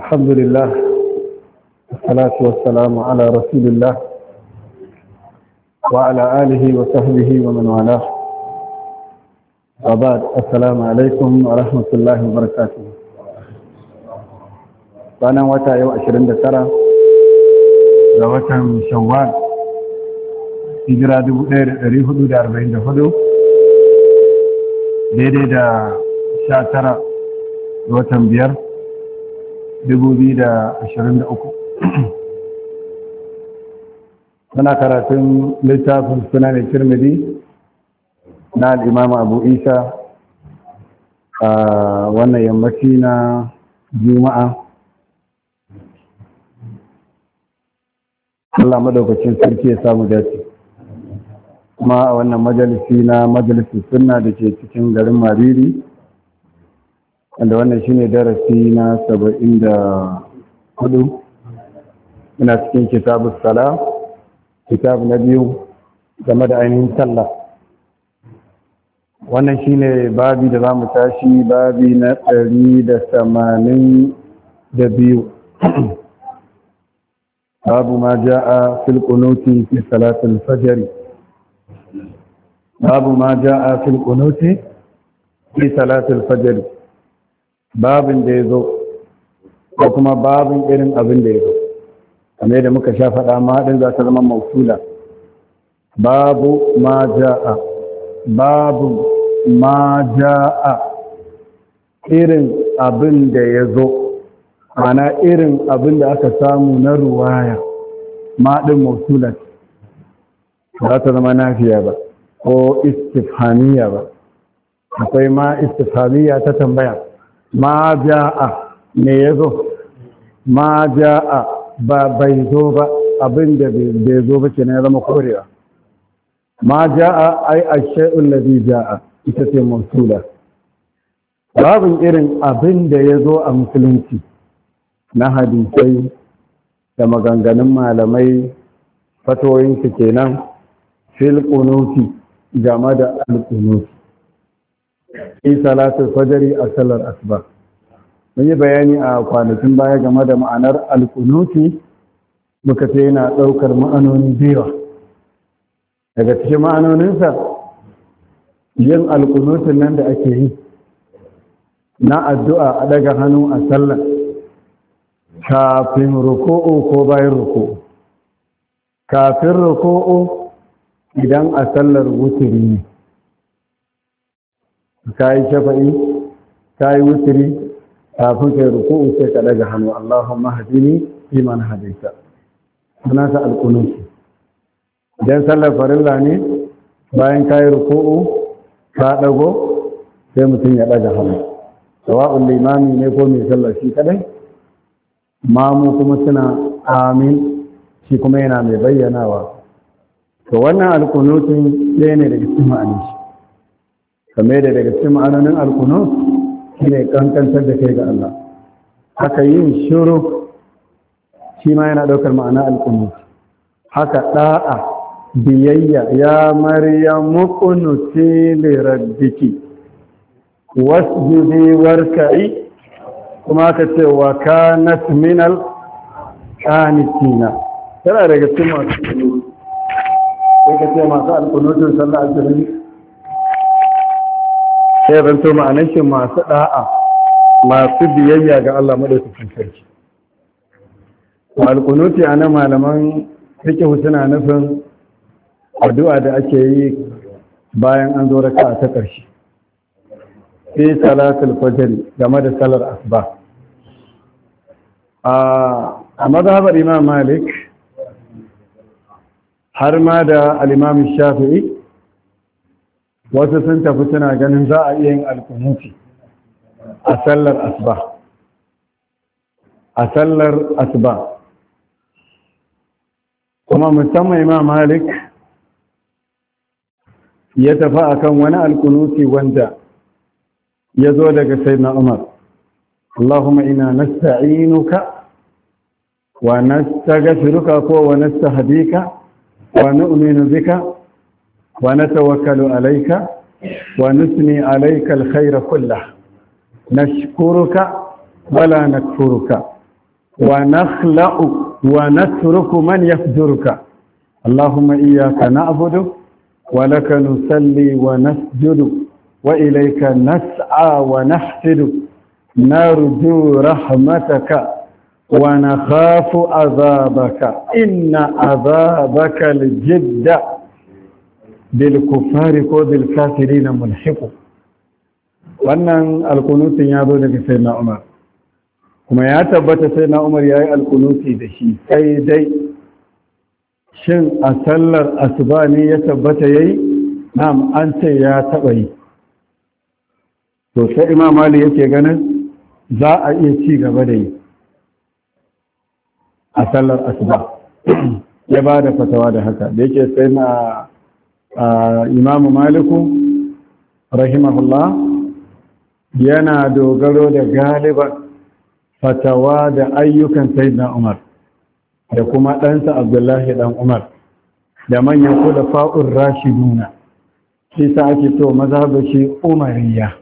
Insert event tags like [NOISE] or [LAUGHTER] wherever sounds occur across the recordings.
الحمد لله والصلاة والسلام على رسول الله وعلى آله وصحبه ومن والاه وبعد السلام عليكم ورحمة الله وبركاته ranar wata yau 29 ga watan shawwal hijira 1444 daidai da 19 ga watan biyar 2023 muna karatun littafin suna ne kirmidi na al'imama abu isa a wannan yammaci na juma'a Allah madaukacin sarki ya samu dace kuma a wannan majalisi na majalisi suna da ke cikin garin mariri wanda wannan shine darasi na saba'in da hudu muna cikin kitabu sala kitabu na biyu game da ainihin sallah wannan shine babi da za mu tashi babi na ɗari da tamanin da biyu [CLEARS THROAT] babu ma ja'a fil qunuti fi salatil fajr babu ma ja'a fil qunuti fi salatil fajr babin da ya zo ko kuma babin irin abin da ya zo kamar da muka sha faɗa ma haɗin za ta zama mausula babu ma ja'a babu ma ja'a irin abin da ya zo ana irin abin da aka samu na ruwaya ma ɗin mausula za ta zama nafiya ba ko istifhaniya ba akwai ma istifhaniya ta tambaya ma ja'a me ya zo ma ja'a ba bai zo ba abinda bai zo ba kenan ya zama korewa ma ja'a ai ashay'ul ladhi ja'a ita ce mawsula babin irin abinda ya zo a musulunci na hadisai da maganganun malamai fatoyinsu kenan fil kunuti game da alkunuti fi salatul fajari a salar asuba mun yi bayani a kwanakin baya game da ma'anar alƙunuti muka ce yana ɗaukar ma'anoni biyu daga cikin ma'anoninsa yin alƙunutin nan da ake yi na addu'a a daga hannu a sallar kafin ruku'u ko bayan ruku'u kafin ruku'u idan a sallar wuturi ne ka yi shafa'i ka yi wuturi kafin kai ruku'u sai ka daga hannu Allahumma hadini iman hadaita suna ta alkunuki idan sallar farilla ne bayan ka yi ruku'u ka dago sai mutum ya daga hannu sawa'un limami ne ko mai sallar shi kadai mamu kuma suna amin shi kuma yana mai bayyanawa to wannan alkunutin ɗaya ne daga cikin ma'anin kamar da daga cikin ma'anonin shi ne kankantar da kai ga Allah haka yin shiru shi ma yana ɗaukar ma'ana alkuno haka da'a biyayya ya maryamu qunuti li rabbiki wasjudi warka'i kuma aka ce wa kanat min al qanitina tana daga cikin masu Sai ka ce masu sai ya zanto ma'anar shi masu da'a masu biyayya ga Allah madaukakin sarki alƙunuti a nan malaman fikihu suna nufin addu'a da ake yi bayan an zo raka ta ƙarshe fi salatul fajr game da salar asuba a mazhabar imam malik har ma da al-imam shafi'i wasu sun tafi suna ganin za a iya yin alkunuti a sallar asuba a sallar asuba kuma musamman imam malik ya tafi akan wani alkunuti wanda ya zo daga sayyidina umar Allahumma ina nasta'inuka wa nastaghfiruka ko wa nastahdiika wa nu'minu bika ونتوكل عليك ونثني عليك الخير كله نشكرك ولا نكفرك ونخلع ونترك من يفجرك اللهم إياك نعبد ولك نصلي ونسجد وإليك نسعى ونحسد نرجو رحمتك ونخاف عذابك إن عذابك الجد بالكفار ko بالكافرين na mulhiku wannan alkunutin ya zo daga sai na umar kuma ya tabbata sai na umar ya yi alkunuti da shi sai dai shin a sallar asuba ne ya tabbata ya yi na'am an ce ya taɓa yi to sai imam ali yake ganin za a iya ci gaba da yi a sallar asuba [CLEARS THROAT] ya ba da fatawa da haka da yake sai na imamu maliku rahimahullah yana dogaro da galiba fatawa da ayyukan sayyidina umar da kuma ɗansa abdullahi ɗan umar da manyan kula rashi nuna shi sa ake to mazhabashi umariya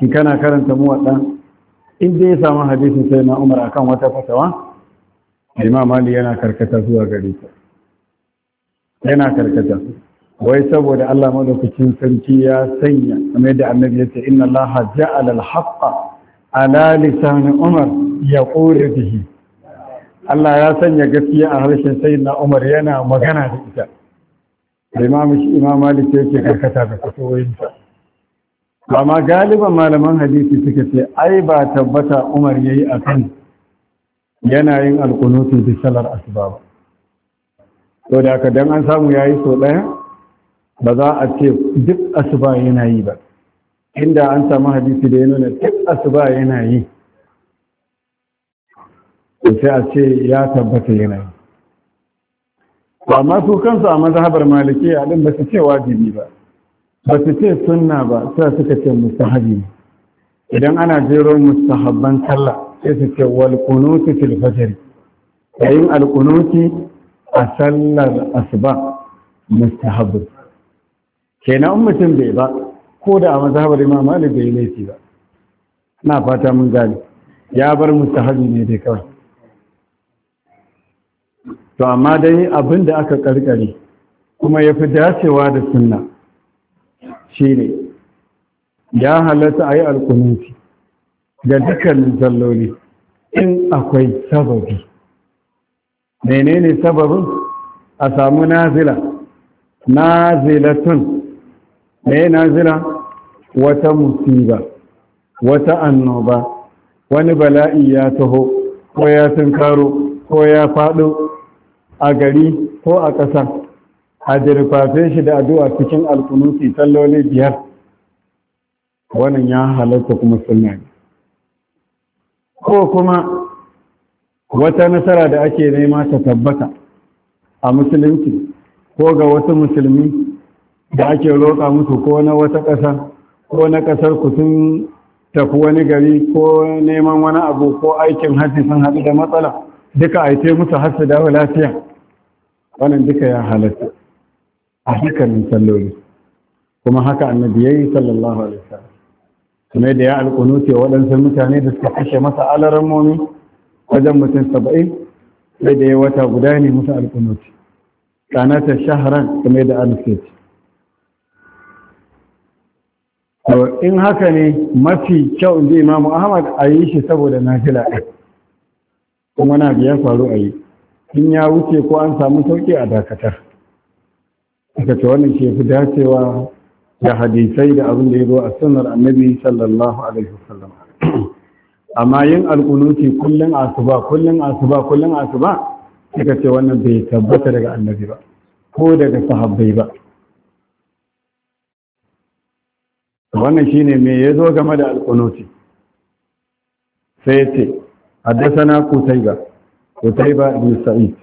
shi kana karanta mu waɗan in ya samu hadisun sai na umar akan wata fatawa imam ali yana karkata zuwa gari ta yana karkata wai saboda Allah madaukakin sarki ya sanya kamar da annabi ya ce inna Allah ja'ala al-haqqa ala lisan Umar ya qulu bihi Allah ya sanya gaskiya a harshen sayyidina Umar yana magana da ita da Imam Imam Malik yake karkata da kusoyinsa amma galiban malaman hadisi suka ce ai ba tabbata Umar yayi akan yana yin alqunuti bi salar asbab to da ka dan an samu yayi so daya ba za a ce duk asuba yana yi ba inda an samu hadisi da ya nuna duk asuba yana yi sai a ce ya tabbata yana yi ba ma su kansu a mazhabar maliki a din ba su ce wajibi ba ba su ce sunna ba sai suka ce mustahabi idan ana jero mustahabban sallah sai su ce wal qunutu fil fajr yayin al a sallar asuba mustahabbi kenan mutum bai ba ko da a mazhabar imam malik bai laifi ba Ina fata mun gane ya bar mustahabi ne dai kawai to amma dai abin da aka karkare kuma ya fi dacewa da sunna shine ya halatta a yi alkununci ga dukkanin salloli in akwai sababi menene sababin a samu nazila nazilatun me na jira wata musiba wata annoba wani bala'i ya taho ko ya tunkaro ko ya faɗo a gari ko a ƙasa a jirfafe shi da addu'a cikin alkunusi salloli biyar wannan ya halatta kuma sunna ne ko kuma wata nasara da ake nema ta tabbata a musulunci ko ga wasu musulmi da ake roƙa musu ko na wata ƙasa ko na ƙasar ku sun tafi wani gari ko neman wani abu ko aikin hajji sun haɗu da matsala duka a yi musu har su dawo lafiya wannan duka ya halatta a dukkanin salloli kuma haka annabi yi sallallahu alaihi wasallam kuma da ya ce waɗansu mutane da suka kashe masa alaran momi wajen mutum saba'in sai da ya wata guda ne musu ce Ƙanatar shaharar kuma da alƙunuce to in haka ne mafi kyau inji imamu ahmad a yi shi saboda nafila ɗin kuma na biyan faru a yi in ya wuce ko an samu sauƙi a dakatar aka ce wannan ke fi dacewa da hadisai da abin da ya zo a sunar annabi sallallahu alaihi wasallam amma yin alƙunuti kullum asuba kullum asuba kullum asuba aka ce wannan bai tabbata daga annabi ba ko daga sahabbai ba wannan shi mai me zo game da alqunuti sai ya yace haddathana qutayba qutayba bin sa'id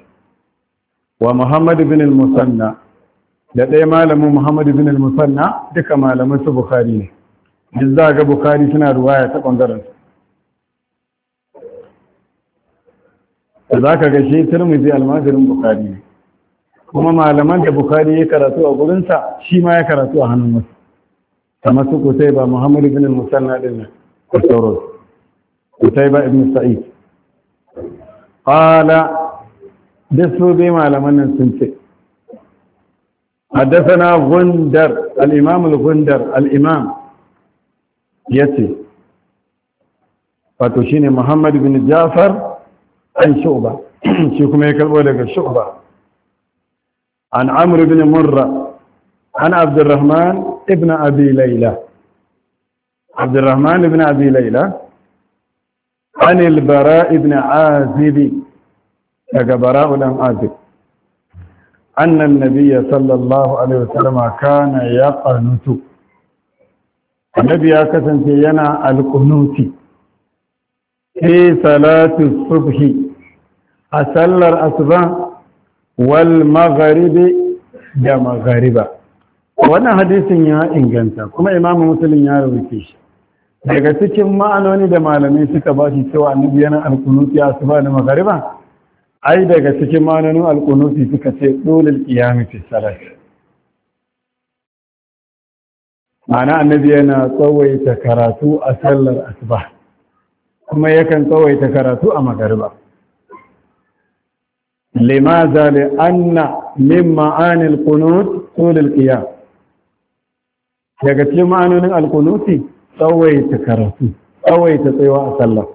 wa muhammad bin al-musanna da ɗaya malamin muhammad bin al-musanna duka malamin su Bukari ne duk za ga Bukari suna ruwaya ta bangaren da za ka gashe turmuzi almajirin Bukari ne kuma malaman da Bukari ya karatu a gurinsa shi ma ya karatu a hannun wasu تمسك كتيبة محمد بن المثنى لنا الثروت قتيبة بن سعيد قال دسو بما لم ننسي حدثنا غندر الإمام الغندر الإمام يتي فتشيني محمد بن جعفر عن شعبة [CLEARS THROAT] شكما يكلبوا لك شعبة عن عمرو بن مرة عن عبد الرحمن ibn abi laila abdurrahman ibn abi laila an ibn azib daga bara'u dan azib anna an sallallahu alaihi wasallam kana yaqanutu annabi ya kasance yana alkunuti. fi salati subhi a sallar asuba wal magaribi da magariba. wannan hadisin ya inganta kuma imamu musulun ya rubuce shi daga cikin ma'anoni da malamai suka ba shi cewa annabi yana alkunusi a ba na magariba ai daga cikin ma'anonin alkunusi suka ce dolil qiyami fi salat ma'ana annabi yana tsawaita karatu a sallar asuba kuma yakan tsawaita karatu a magariba لماذا لأن anna min ma'anil qunut القيام daga cikin ma'anonin alkunuti tsawaita karatu tsawaita tsayawa a sallah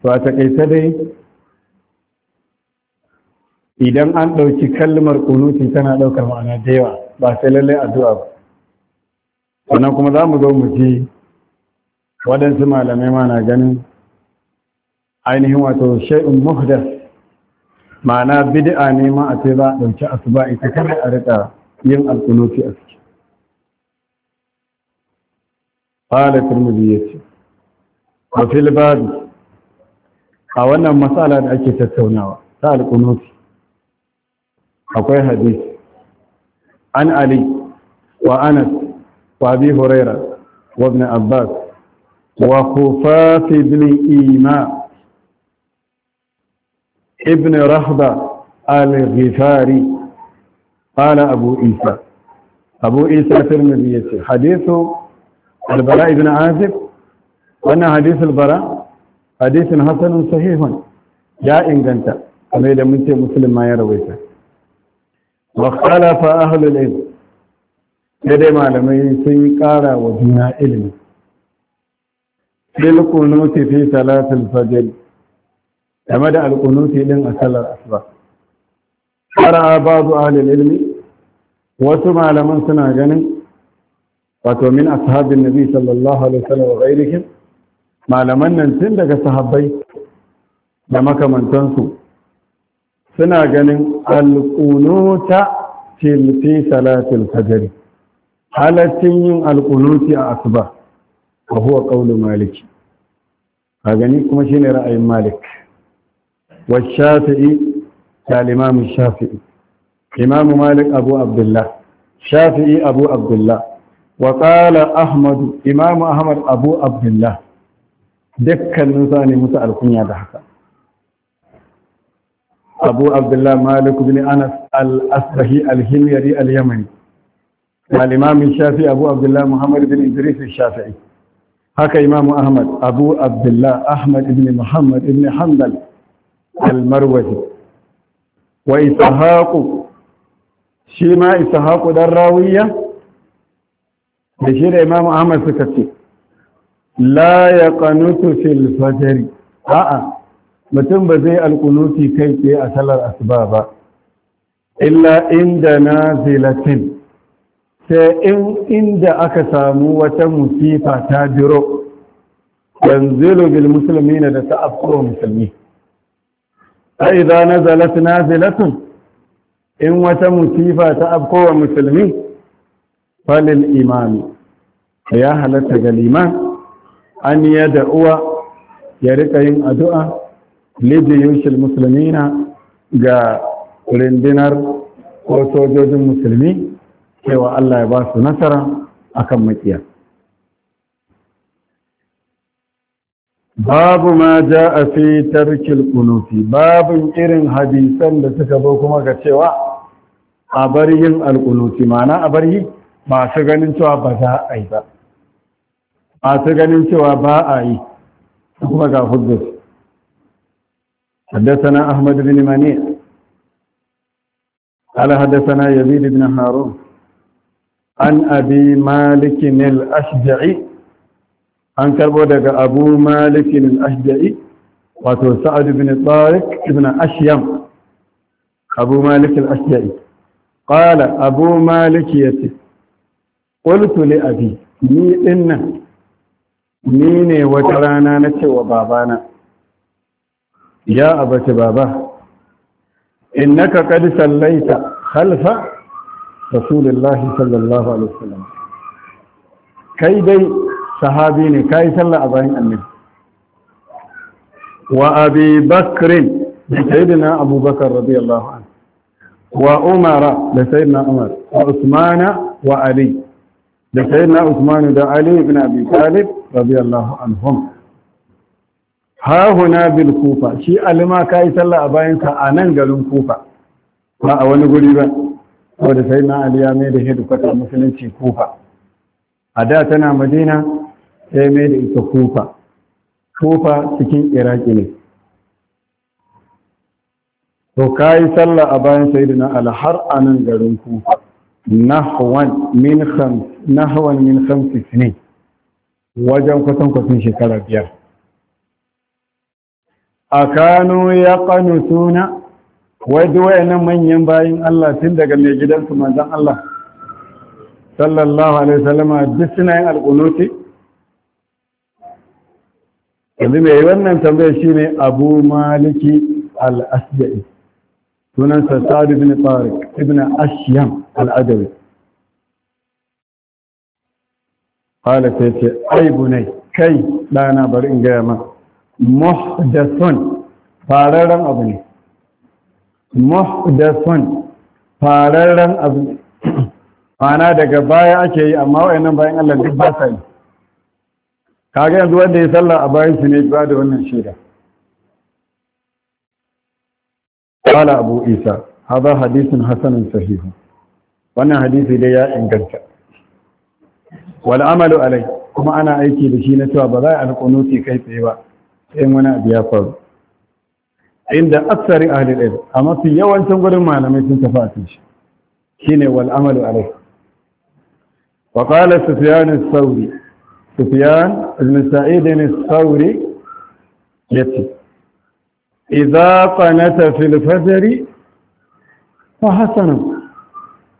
to a takaita dai idan an ɗauki kalmar kunuti tana ɗaukar ma'ana da yawa ba sai lallai addu'a ba sannan kuma za mu zo mu ji waɗansu malamai ma na ganin ainihin wato shay'un muhdas ma'ana bid'a ne ma a ce za a ɗauki asuba ita kada a riƙa yin alkunuti a ciki قال الترمذي وفي الباب اولا آه، مساله ان اكيد تتوناوا قال قنوتي اقوي حديث عن علي وانس وابي هريره وابن عباس وخفاف بن ايماء ابن رهبة الغفاري قال ابو عيسى ابو عيسى في المدينه حديثه albara ibn azib wannan hadisul bara hadisin hasanun sahihun ya inganta kamar da ya rawaita wa khalafa ahlul ilm dai malamai sun yi ƙara wa juna ilimi bil qunuti fi salatil game da alqunuti din a salar asuba qara ba'd ahlul ilmi wasu malaman suna ganin wato min ashabin nabi sallallahu alaihi wasallam wa ghairihim malaman nan tun daga sahabbai da makamantansu suna ganin alqunuta fil fi salatil fajr halatin yin alqunuti a asuba wa huwa qawlu maliki a gani kuma shine ra'ayin malik wa shafi'i da imam shafi'i imam malik abu abdullah shafi'i abu abdullah وقال أحمد إمام أحمد أبو عبد الله دكا نساني موسى الكنيا دهكا أبو عبد الله مالك بن أنس الأسبهي الهميري اليمني والإمام الشافعي أبو عبد الله محمد بن إدريس الشافعي هكا إمام أحمد أبو عبد الله أحمد بن محمد بن حنبل المروزي وإسحاق شيما إسحاق دراوية da shi da imamu ahmad suka ce la ya kanutu fil fajari a'a mutum ba zai alkunuti kai tsaye a salar asuba ba illa inda na nazilatin sai in inda aka samu wata musifa ta jiro yanzilu bil na da ta afkuro musulmi a na idza nazalat nazilatun in wata musifa ta afkowa musulmi falil imami ya halatta ga liman an ya da'uwa ya rika yin addu'a lijiyushil musulmina ga rindinar ko sojojin musulmi cewa Allah ya ba su nasara akan makiya babu ma ja a fi tarkil kunuti babin irin hadisan da suka zo kuma ga cewa a bar yin alkunuti mana a bar yi masu ganin cewa ba za a yi ba masu ganin cewa ba a yi kuma ga hujjar حدثنا أحمد بن منيع قال Harun. An abi malikin عن أبي مالك الأشجعي عن كربودة أبو مالك الأشجعي wato sa'ad ibn tariq ibn ashyam abu malik al-ashja'i qala abu malik yace qultu li abi ni din nan ni ne wata rana na cewa babana ya abati baba innaka qad sallaita khalfa rasulullahi sallallahu alaihi wasallam kai dai sahabi ne kai sallah a bayan annabi wa abi bakrin da sayyidina abubakar radiyallahu anhu wa umara da sayyidina umar wa usmana wa ali da sayyidina Usman da Ali ibn Abi Talib radiyallahu anhum ha huna bil kufa shi alima kai sallah a bayan ka a nan garin kufa ba a wani guri ba saboda sayyidina Ali ya mai da hedikwatar musulunci kufa a da tana Madina sai mai da ita kufa kufa cikin iraki ne to kai sallah a bayan sayyidina Ali har a nan garin kufa nahwan min khams min sinin wajen kwatan kwatan shekara biyar A Kano ya yaqanutuna wai duk wayannan manyan bayan Allah tun daga mai gidansu mazan Allah sallallahu alaihi wasallam duk suna yin alqunuti yanzu mai wannan tambayar shi ne Abu Maliki al-Asja'i sunansa sa'ad ibn tariq ibn ashyam al-adawi qala sai ce ai bunai kai dana bari in gaya ma muhdathun fararen abu ne muhdathun fararen abu ne [CLEARS THROAT] ana daga baya ake yi amma wayannan bayan Allah duk ba sa yi kaga yanzu wanda ya sallah a bayan shi ne ba da wannan shida qala abu isa hadha hadithun hasanun sahih wannan hadisi dai ya inganta wal amalu alai kuma ana aiki da shi na cewa ba za a alƙunuti kai tsaye ba sai wani abu ya faru inda aksari ahli ilm a mafi yawancin gurin malamai sun tafi a shi shine amalu alai ibn yace idza qanata fil fajri fa hasanu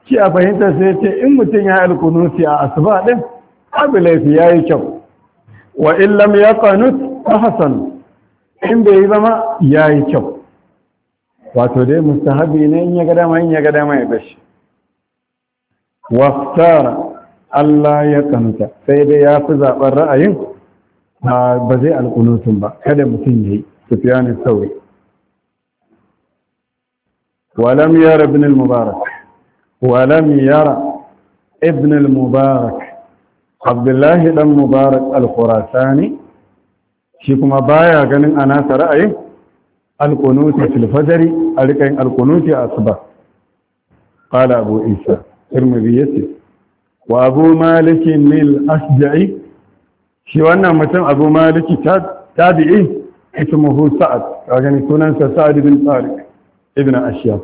shi a fahimtar sai ce in mutum ya alkunusi a asuba ɗin abu laifi yi kyau wa in ya yaqanut fa hasanu in bai yi zama yi kyau wato dai Habi ne in ya ga dama in ya ga dama ya bashi waftara Allah ya kanta sai dai ya fi zaɓar ra'ayin ba zai alƙunutun ba kada mutum ya yi sufyan al-thawri wa lam yara ibn mubarak wa lam yara mubarak abdullah ibn mubarak al-khurasani shi kuma baya ganin ana sara'i al-qunuti fil fajri alikan al-qunuti asba qala abu isa tirmidhi yati wa abu malik min al-asja'i shi wannan mutum abu malik tabi'i اسمه سعد يعني يكون انت سعد بن طارق ابن أشياء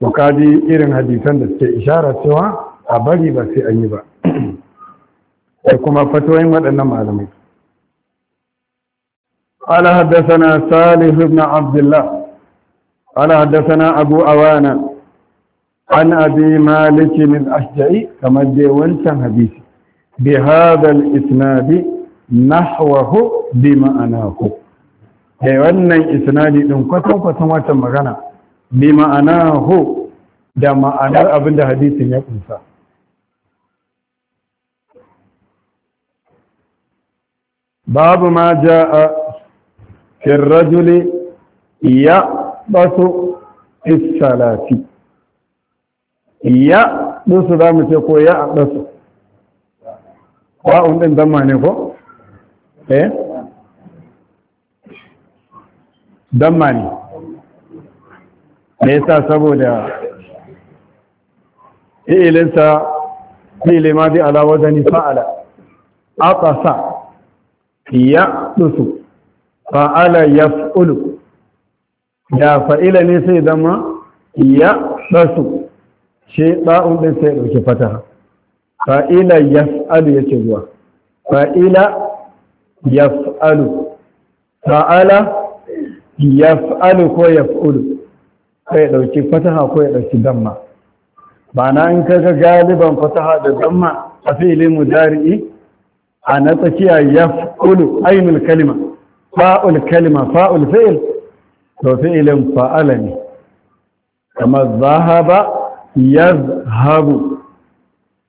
وكادي إيرن حديثا لسي إشارة سوا أبالي بسي أيبا وكما فتوين ودنا معلمي قال حدثنا صالح بن عبد الله قال حدثنا أبو أوانا عن أبي مالك من اشجعي كما دي وانت حديث بهذا الإسناد nahwahu bi ma'anahu eh wannan isnadi din kwatan kwatan wata magana bi ma'anahu da ma'anar abin da hadisin ya kunsa babu ma ja'a fi rajuli ya basu isalati ya dusu za mu ce ko ya basu wa'un din zama ne ko eh damma ne me yasa saboda ilinsa fi'ili ma bi ala wazani fa'ala ya ɗusu fa'ala ya fi’ulu da fa'ila ne sai zama ya ɗasu shi ɗa’un ɗin sai ɗauki fata fa'ila ya ya ce zuwa fa'ila yaf'alu fa'ala yaf'alu ko yaf'ulu sai ya dauki fataha ko ya dauki damma bana in ga galiban fataha da damma a fi'ilin mudari'i a na tsakiya yaf'ulu ainul kalima fa'ul kalima fa'ul fi'il to fi'ilin fa'ala ne kama zahaba yazhabu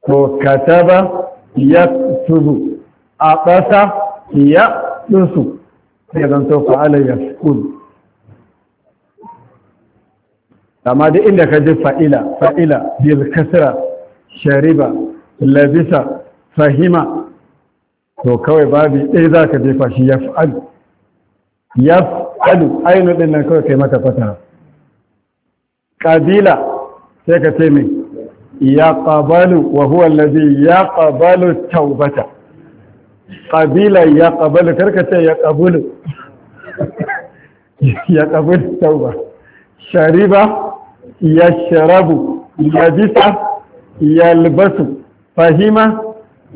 ko kataba yaktubu a ƙasa ya ɗinsu sai zan to fa'ala ya sukun amma duk inda ka ji fa'ila fa'ila bil kasra shariba labisa fahima to kawai babi ɗaya zaka je jefa shi ya fa'alu ya fa'alu ainihin ɗin nan kawai kai mata fatara ƙabila sai ka ce mai ya ƙabalu wa huwa lazi ya ƙabalu taubata ƙabila ya ƙabalu karkace ya ƙabulu ya ƙabulu tauba shariba ya sharabu ya bisa ya libasu fahima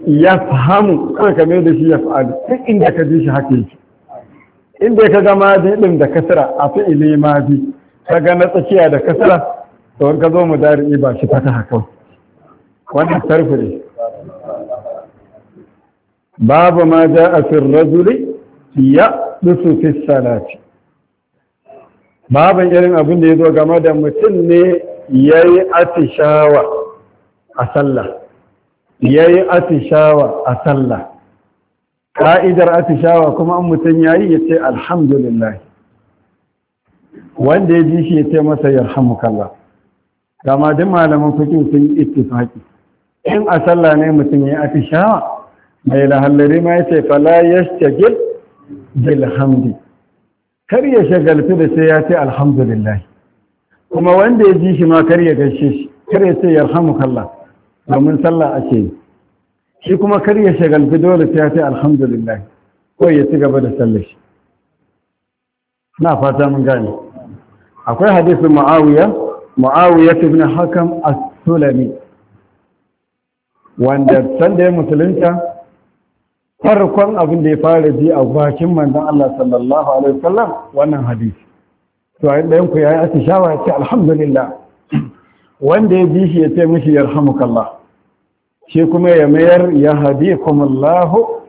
ya fahamu kawai kame da shi ya fa'alu duk inda ka ji shi haka yake inda ka ga madi ɗin da kasara a fi'ili madi ka ga na tsakiya da kasara to in ka zo mu dari ba shi fata haka wannan sarfi ne babu ma za a fi razuli ya dusu fi salati babin irin abin da ya zo game da mutum ne ya yi atishawa a sallah ya yi atishawa a sallah ƙa'idar atishawa kuma an mutum ya yi ya ce alhamdulillah wanda ya ji shi ya ce masa ya kalla Gama duk malaman fukin sun yi ittifaki in a sallah ne mutum ya yi atishawa mai lahallari ma ya ce fala ya bil hamdi. kar ya shagaltu da sai ya ce alhamdulillah kuma wanda ya ji shi ma kar ya gaishe shi kar ya ce yarhamukallah domin sallah ake yi shi kuma kar ya shagaltu dole sai ya ce alhamdulillah ko ya ci gaba da sallar shi na fata mun gane akwai hadisin muawiya muawiya ibn hakam as-sulami wanda sanda ya musulunta farkon abin da ya fara ji a bakin manzan Allah sallallahu alaihi wasallam wannan hadisi to ai dayan ku yayi atishawa ya ce alhamdulillah wanda ya ji shi ya ce mishi Allah. shi kuma ya mayar ya hadikumullahu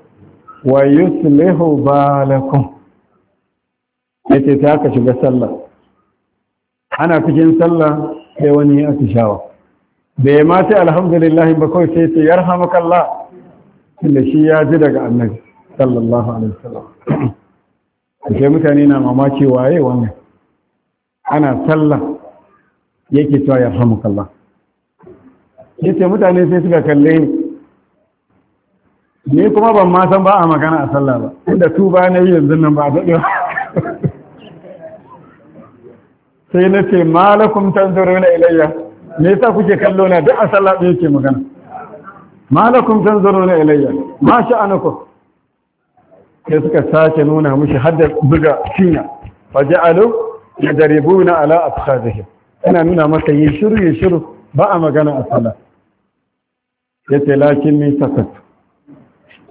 wa yuslihu balakum ce ta aka shiga sallah ana cikin sallah sai wani ya atishawa bai ma ce alhamdulillah ba kawai sai ce yarhamukallah tunda shi ya ji daga annabi sallallahu alaihi wasallam ce mutane na mamaki waye wannan ana sallah yake cewa yarhamukallah yace mutane sai suka kalle ni ni kuma ban ma san ba a magana a sallah ba inda ba na yi yanzu nan ba a daɗe ba sai na ce malakum tanzuruna na ilayya me yasa kuke kallo na duk a sallah ɗaya yake magana malakum tanzuruna ilayya ma sha'anukum sai suka sace nuna mushi hadda buga cinya faja'alu yadribuna ala afkhadihim ina nuna maka yi shiru yi shiru ba a magana a sallah yace lakin ni sakat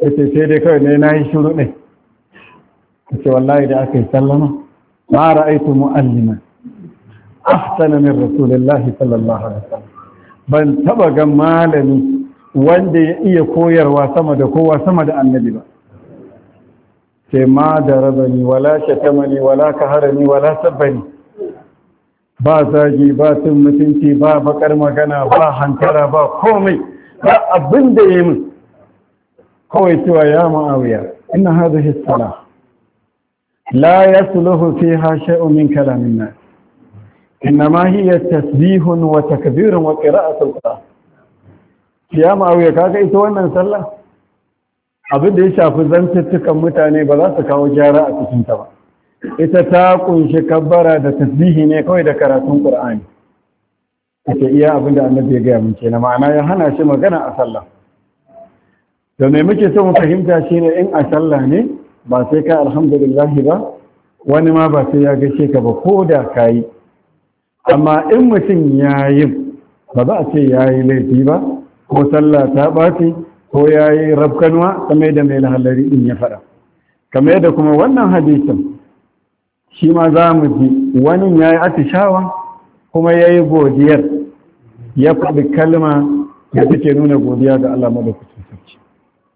yace sai dai kawai ne nayi shiru ne yace wallahi da aka yi sallama ma ra'aytu mu'allima ahsana min rasulillahi sallallahu alaihi wasallam ban taba ga malami wanda ya iya koyarwa sama da kowa sama da annabi ba sai ma da rabani wala shatamani wala kaharani wala sabbani ba zagi ba tun mutunci ba bakar magana ba hankara ba komai ba abin da ya min kawai cewa ya ma'awiya ina hada Sala. la ya suluhu fi hashe'u min kalamin nan inna ma hiya tasbihun wa takbirun wa qira'atul qur'an ya ka kaka ita wannan sallah abin da ya shafi zantuttukan mutane ba za su kawo gyara a cikinta ba ita ta kunshi kabbara da tasbihi ne kawai da karatun qur'ani ita iya abin da annabi ya gaya mun na ma'ana ya hana shi magana a sallah da mai muke so mu fahimta shine in a sallah ne ba sai ka alhamdulillah ba wani ma ba sai ya gaishe ka ba ko da kayi amma in mutum ya yi ba za a ce ya yi laifi ba ko sallah ta ɓaci ko ya yi rafkanwa kamar da mai lahalari in ya faɗa kamar da kuma wannan hadisin shi ma za mu ji wani ya yi atishawa kuma ya yi godiyar ya faɗi kalma da take nuna godiya ga Allah madaukakin sarki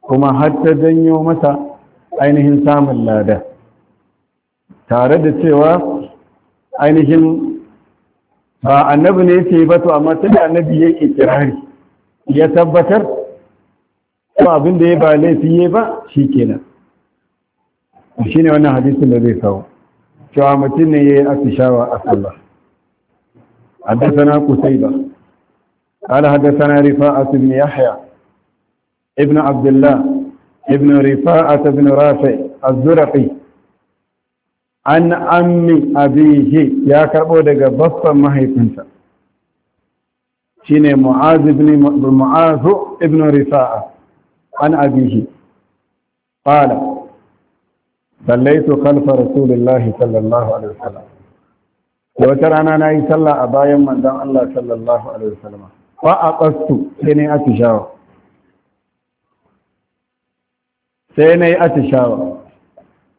kuma har ta janyo masa ainihin samun lada tare da cewa ainihin ba annabi ne yake ba to amma tun annabi yake kirari ya tabbatar abin da ya ba laifi ya ba shi kenan a shi ne wannan hadisun da zai kawo cewa mutum ne ya yi afishawa a sallah haddasana kusai ba ƙala haddasana rifa'at ibn yahya ibn abdullah ibn Rifa rifa'at ibn Rafe, az-zurqi an abin abihi ya karbo daga babban mahaifinta. shine mu'az ibn mu'az ibn rifa'a an abihi qala sallaitu khalfa rasulillahi sallallahu alaihi wasallam wata rana na yi sallah a bayan manzon Allah sallallahu alaihi wasallam fa aqastu sai ne atishawa sai na yi atishawa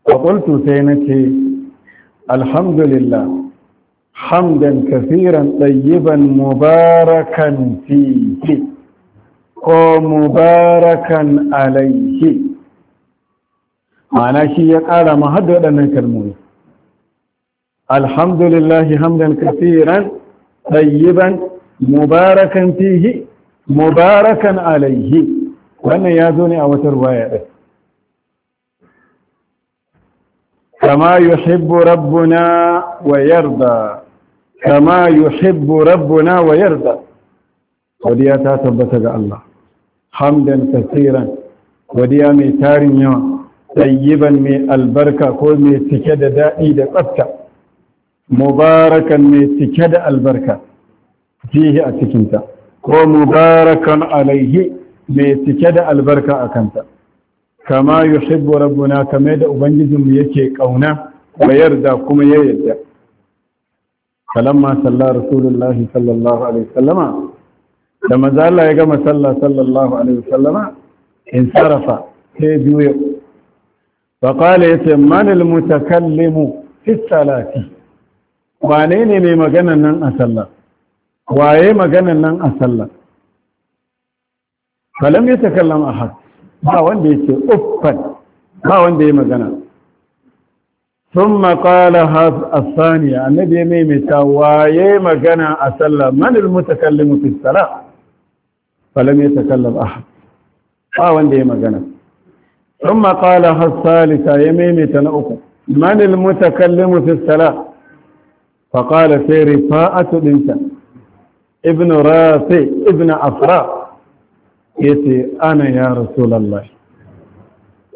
a sai na ce alhamdulillah حمدا كثيرا طيبا مباركا فيه ومباركا عليه معنى شيء يقال ما هدو لنا كلمون الحمد لله حمدا كثيرا طيبا مباركا فيه مباركا عليه وانا يازوني او تروايه كما يحب ربنا ويرضى kama yuhibbu rabbuna wa yarda godiya ta tabbata ga Allah hamdan kasiran godiya mai tarin yawa tayyiban mai albarka ko mai cike da daɗi da tsafta mubarakan mai cike da albarka fihi a cikinta ko mubarakan alaihi mai cike da albarka a kanta kama yuhibbu rabbuna kamar da ubangijinmu yake kauna wa yarda kuma ya yarda فلما صلى رسول الله صلى الله عليه وسلم لما زال يا جماعه صلى صلى الله عليه وسلم انصرف تجوي فقال يتمن المتكلم في الصلاه wane ne mai nan a sallah waye maganan nan a sallah falam ya takallam ahad ba wanda yake ba wanda ya magana ثم قال هذا الثانية النبي ميمتا ويا جنا أسلم من المتكلم في الصلاة فلم يتكلم أحد فاوان دي جنا ثم قال هذا الثالثة يا نأكل من المتكلم في الصلاة فقال في رفاءة بنت ابن رافي ابن أفراء يتي أنا يا رسول الله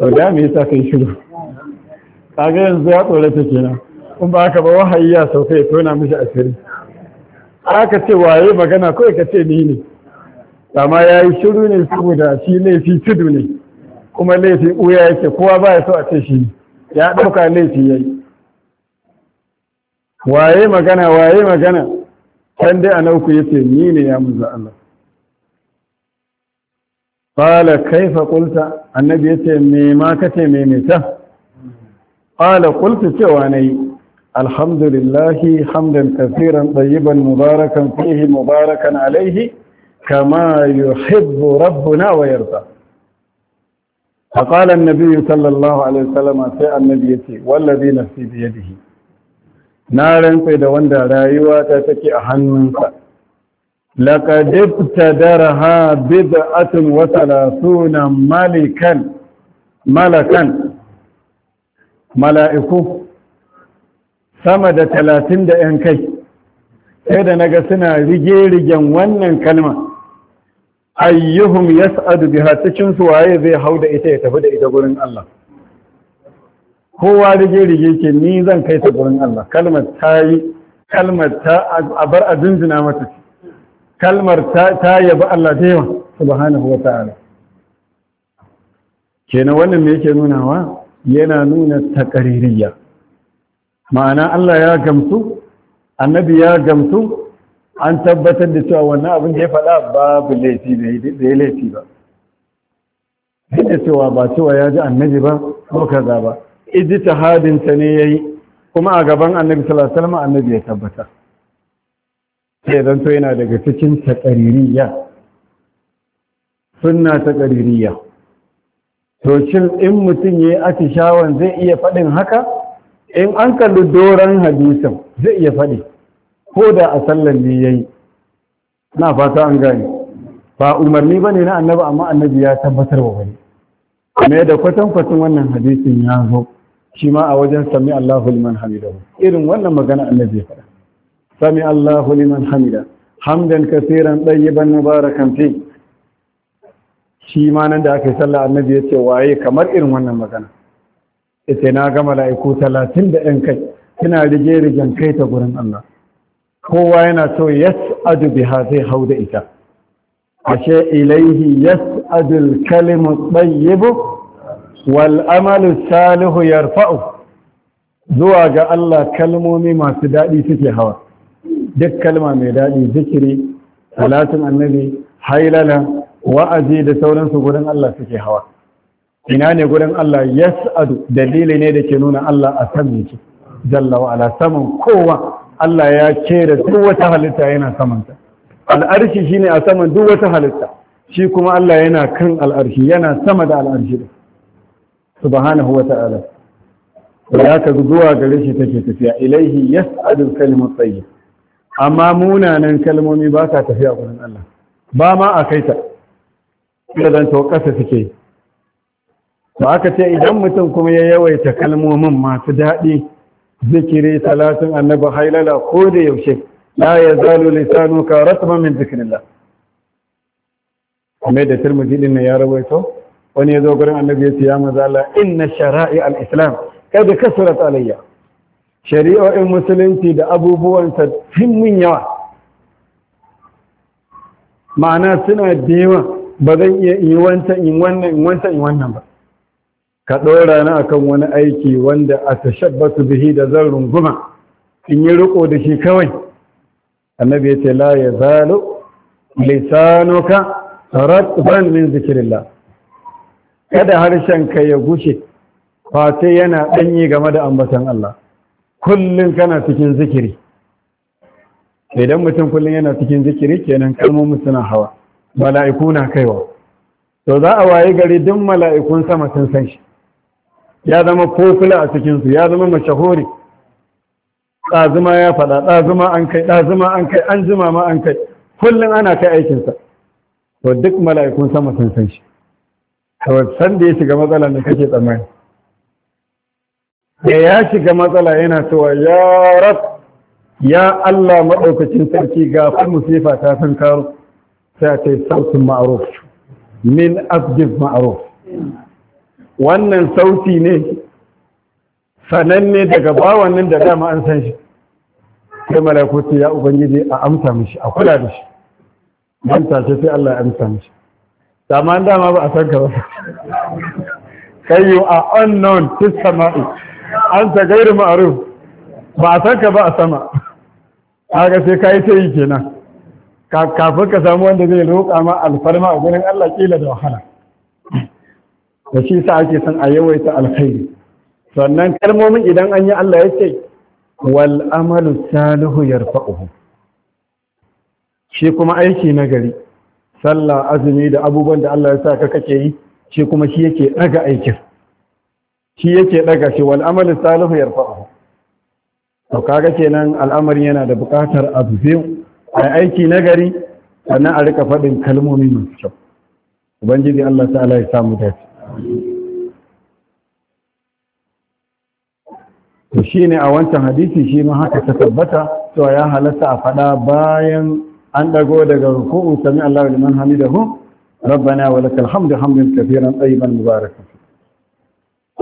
ودام يتاكي شلوه kaga yanzu ya tsorata kenan in ba ka ba wahayi ya sauka ya tona mishi asiri aka ce waye magana kawai ka ce ni ne amma ya yi shiru ne saboda shi laifi tudu ne kuma laifi uya yake kowa ba ya so a ce shi ya ɗauka laifi ya yi waye magana waye magana can dai a nauku ya ce ni ne ya muza Allah fala kaifa kulta annabi ya ce me ma ka ce me me ta ƙala kulta cewa na yi alhamdulillahi hamdan kafiran ɗayiban mubarakan fihi mubarakan alaihi kama yi hibbo rabbuna wa yarda a ƙalan na biyu sallallahu alaihi salama sai annabi ya ce wallazi na fi biye dihi na rantse da wanda rayuwa ta take a hannunsa laƙadifta daraha bid'atun wa salasuna malikan malakan mala'iku sama da talatin da ‘yan kai sai da na ga suna rige-rigen wannan kalma ayyuhum yas'adu biha cikin su waye zai hau da ita ya tafi da ita gurin Allah kowa rige-rige ke ni zan kai ta gurin Allah kalmar ta yi kalmar ta a bar a zunzuna mata kalmar ta yabi Allah da yawa subhanahu wa ta'ala kenan wannan me yake nunawa yana nuna takaririya ma'ana Allah ya gamsu annabi ya gamsu an tabbatar da cewa wannan abin da ya faɗa babu laifi da ya laifi ba duk da cewa ba cewa ya ji annabi ba ko kaza ba ta ne yayi kuma a gaban annabi sallallahu alaihi wasallam annabi ya tabbata sai zan yana daga cikin takaririya sunna takaririya to shin in mutum ya yi atishawan zai iya faɗin haka in an kalli doron hadisan zai iya faɗi ko da a sallan ne ya yi na fata an gane ba umarni ba ne na annabi amma annabi ya tabbatar wa wani kuma da kwatankwacin wannan hadisin ya zo shi ma a wajen sami Allahu liman hamida. irin wannan magana annabi ya faɗa sami Allahu liman hamida hamdan kasiran ɗayyiban mubarakan fi shi ma nan da aka yi sallah annabi ya ce waye kamar irin wannan magana ita na ga mala'iku talatin da ‘yan kai suna rige rigen kai ta gurin Allah kowa yana so yas adu biha zai hau da ita ashe ilaihi yas adul kalimu tsayyibu wal amalu salihu yarfa'u zuwa ga Allah kalmomi masu daɗi suke hawa duk kalma mai daɗi zikiri talatin annabi hailala wa'azi da sauransu gurin Allah suke hawa ina ne gurin Allah sa'adu dalili ne da ke nuna Allah a saman ce jalla wa ala saman kowa Allah ya ce da duk wata halitta yana samanta al'arshi shi ne a saman duk wata halitta shi kuma Allah yana kan al'arshi yana sama da al'arshi subhanahu wa ta'ala ya ka zuwa gare shi take tafiya ilaihi yas'adu kalimat tsaye. amma munanan kalmomi ba ka tafiya gurin Allah ba ma a ta. ya zanto ƙasa suke ba aka ce idan mutum kuma ya yawaita kalmomin masu daɗi zikiri talatin annabi hailala ko da yaushe la ya zalo lisanu ka rasman min zikirillah kuma da turmuzi din ya rawaito wani ya zo gurin annabi ya ce ya maza Allah inna shara'i al-islam kada kasurat alayya shari'o'in musulunci da abubuwansa sun mun yawa ma'ana suna da yawa ba zan iya yi wancan in wannan in wancan ba ka ɗora ni akan wani aiki wanda a su bihi da zan runguma in yi riko da shi kawai annabi ya ce la ya zalo lisanuka ratban min zikrillah kada harshen ka ya gushe fate yana danyi game da ambatan Allah kullun kana cikin zikiri idan mutum kullun yana cikin zikiri kenan kalmomin suna hawa mala'iku na kaiwa to za a waye gari duk mala'ikun sama sun san shi ya zama kofila a cikinsu ya zama mashahuri ɗazuma ya faɗa ɗazuma an kai ɗazuma an kai an jima ma an kai kullum ana kai aikinsa to duk mala'ikun sama sun san shi to da ya shiga matsala da kake tsammani da ya shiga matsala yana cewa ya rat, ya Allah maɗaukacin sarki ga fa musifa ta san karo sai a yi sautin ma'aruf min asgif ma'aruf wannan sauti ne sananne daga bawannin da dama an san shi sai malakuti ya ubangiji a amsa mishi a kula da shi ban tashi sai Allah ya amsa mishi dama an dama ba a san ka ba kai yi a unknown fi sama'i an ta gairu ma'ruf ba a san ka ba a sama kaga sai ta sai kenan kafin ka samu wanda zai roƙa ma alfarma a gurin Allah ƙila da wahala da shi sa ake son a yawaita alkhairi sannan kalmomin idan an yi Allah ya ce wal ya salihu uku. shi kuma aiki na gari sallah azumi da abubuwan da Allah ya sa ka kake yi shi kuma shi yake daga aikin shi yake daga shi wal ya salihu uku. to kaga kenan al'amarin yana da buƙatar abu biyu a aiki nagari sannan a rika faɗin kalmomi masu kyau ubangiji Allah ta'ala ya samu dace to shine a wancan hadisi shi ma haka ta tabbata cewa ya halatta a faɗa bayan an ɗago daga ruku'u sami Allahu liman hamidahu ربنا ولك الحمد حمدا كثيرا طيبا مباركا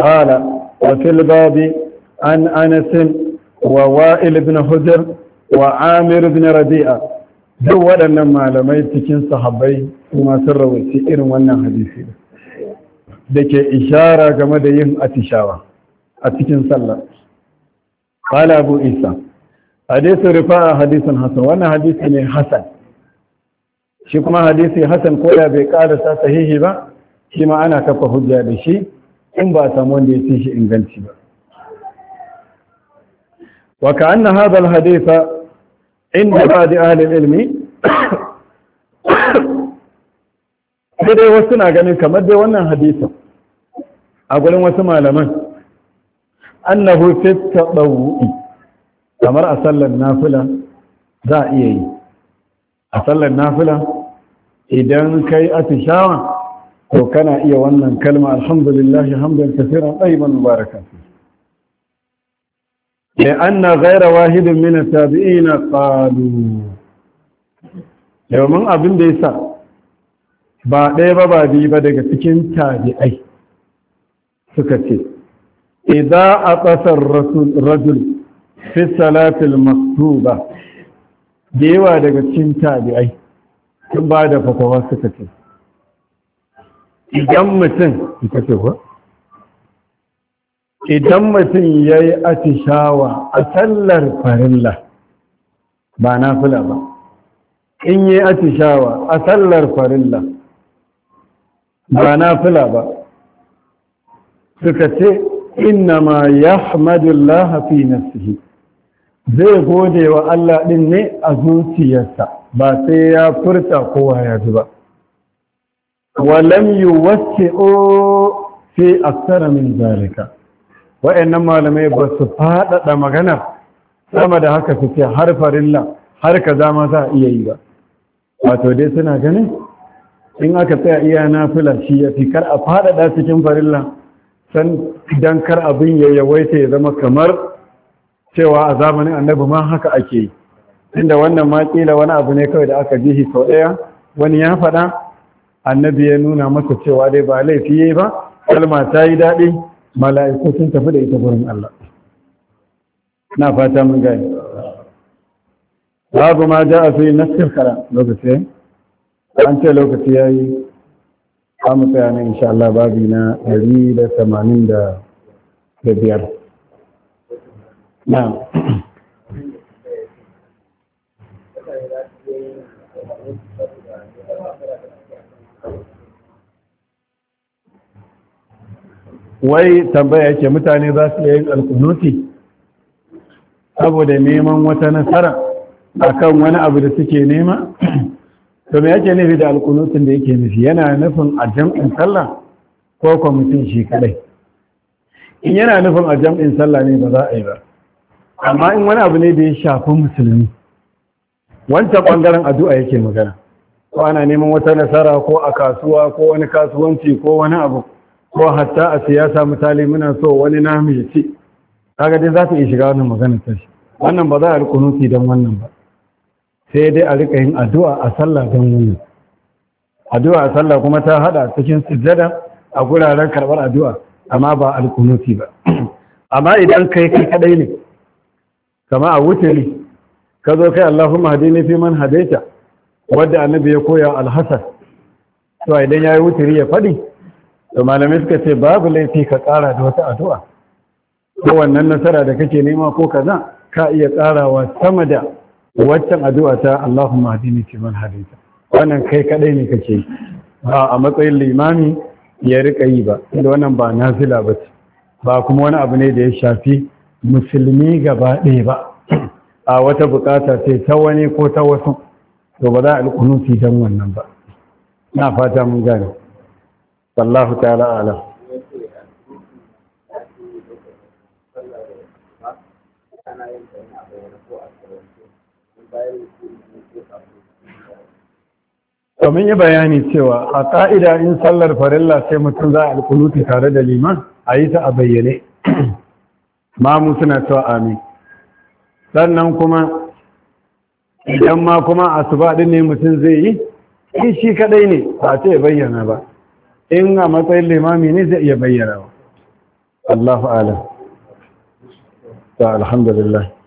قال وفي الباب عن أنس ووائل بن حجر wa amir ibn rabi'a duk waɗannan malamai cikin sahabbai kuma sun rawaci irin wannan hadisi da ke ishara game da yin atishawa a cikin sallah qala abu isa hadisi rifa'a hadisin hasan wannan hadisi ne hasan shi kuma hadisi hasan ko da bai sa sahihi ba shi ma ana kafa hujja da shi in ba samu wanda ya ce shi inganci ba وكأن هذا الحديث عند بعض أهل العلم dai wasu na ganin kamar dai wannan hadisi a gurin wasu malaman annahu fi tadawwi kamar a sallar nafila za a iya yi a sallar nafila idan kai atishawa to kana iya wannan kalma alhamdulillah hamdan kaseeran tayyiban mubarakan لأن غير واحد من التابعين قالوا يومن أبن ديسا ba ɗaya ba ba biyu ba daga cikin tabi'ai suka ce idza aqasar rasul rajul fi salatil maktuba da yawa daga cikin tabi'ai sun ba da fatawa suka ce idan mutum suka ce idan mutum ya yi atishawa a sallar farilla ba na fula ba in yi atishawa a sallar farilla ba na fula ba suka ce inna ma ya hamadullah fi nafsihi zai gode wa Allah ɗin ne a zuciyarsa ba sai ya furta kowa ya ji ba walam yi wacce o fi aksara min zalika wa'annan malamai ba su faɗaɗa maganar sama da haka su ce har farilla har ka za ma iya yi ba wato dai suna ganin in aka tsaya iya na fila shi ya fi kar a faɗaɗa cikin farilla san dan kar abin ya yawaita ya zama kamar cewa a zamanin annabi ma haka ake yi inda wannan ma kila wani abu ne kawai da aka ji sau ɗaya wani ya faɗa annabi ya nuna masa cewa dai ba laifi ya yi ba kalma ta yi daɗi mala'iku sun tafi da ita gurin Allah na fata mun gani babu ma ja a fi nasir kara lokaci an ce lokaci ya yi ba mu tsaya ne insha Allah babi na 185 na wai tambaya yake mutane za su yi alkunuti saboda neman wata nasara akan wani abu da suke nema to me yake nufi da alkunutin da yake nufi yana nufin a jam'in sallah ko kwamitin shi kadai in yana nufin a jam'in sallah ne ba za a yi ba amma in wani abu ne da ya shafi musulmi wancan bangaren addu'a yake magana ko ana neman wata nasara ko a kasuwa ko wani kasuwanci ko wani abu ko hatta a siyasa misali muna so wani namu ya ce kaga dai za ta iya shiga wannan magana ta shi wannan ba za a riƙa nufi don wannan ba sai dai a riƙa yin addu'a a sallah don wannan addu'a a sallah kuma ta hada cikin sujjada a guraren karɓar addu'a amma ba alkunuti ba [CLEARS THROAT] amma idan kai kai kadai ne kama a wutuli ka zo kai Allahumma hadini fi man hadaita wadda annabi ya koya alhasan to idan yayi wuturi ya fadi to malamai suka ce babu laifi ka ƙara da wata addu'a ko wannan nasara da kake nema ko kaza ka iya ƙarawa sama da waccan addu'a ta Allahumma hadini fi man hadita wannan kai kadai ne kake ba a matsayin limami ya rika yi ba inda wannan ba nazila ba ce ba kuma wani abu ne da ya shafi musulmi gaba ɗaya ba a wata bukata ce ta wani ko ta wasu to ba za a alƙunufi don wannan ba na fata mun gane wallahu ta'ala alam to mun yi bayani cewa a ƙa'ida in sallar farilla sai mutum za a alƙuluti tare da liman a yi ta a bayyane mamu suna cewa amin sannan kuma idan ma kuma asuba ɗin ne mutum zai yi shi shi kadai ne ba ce bayyana ba in a matsayin limami ne zai iya bayyana Allahu alam ta alhamdulillah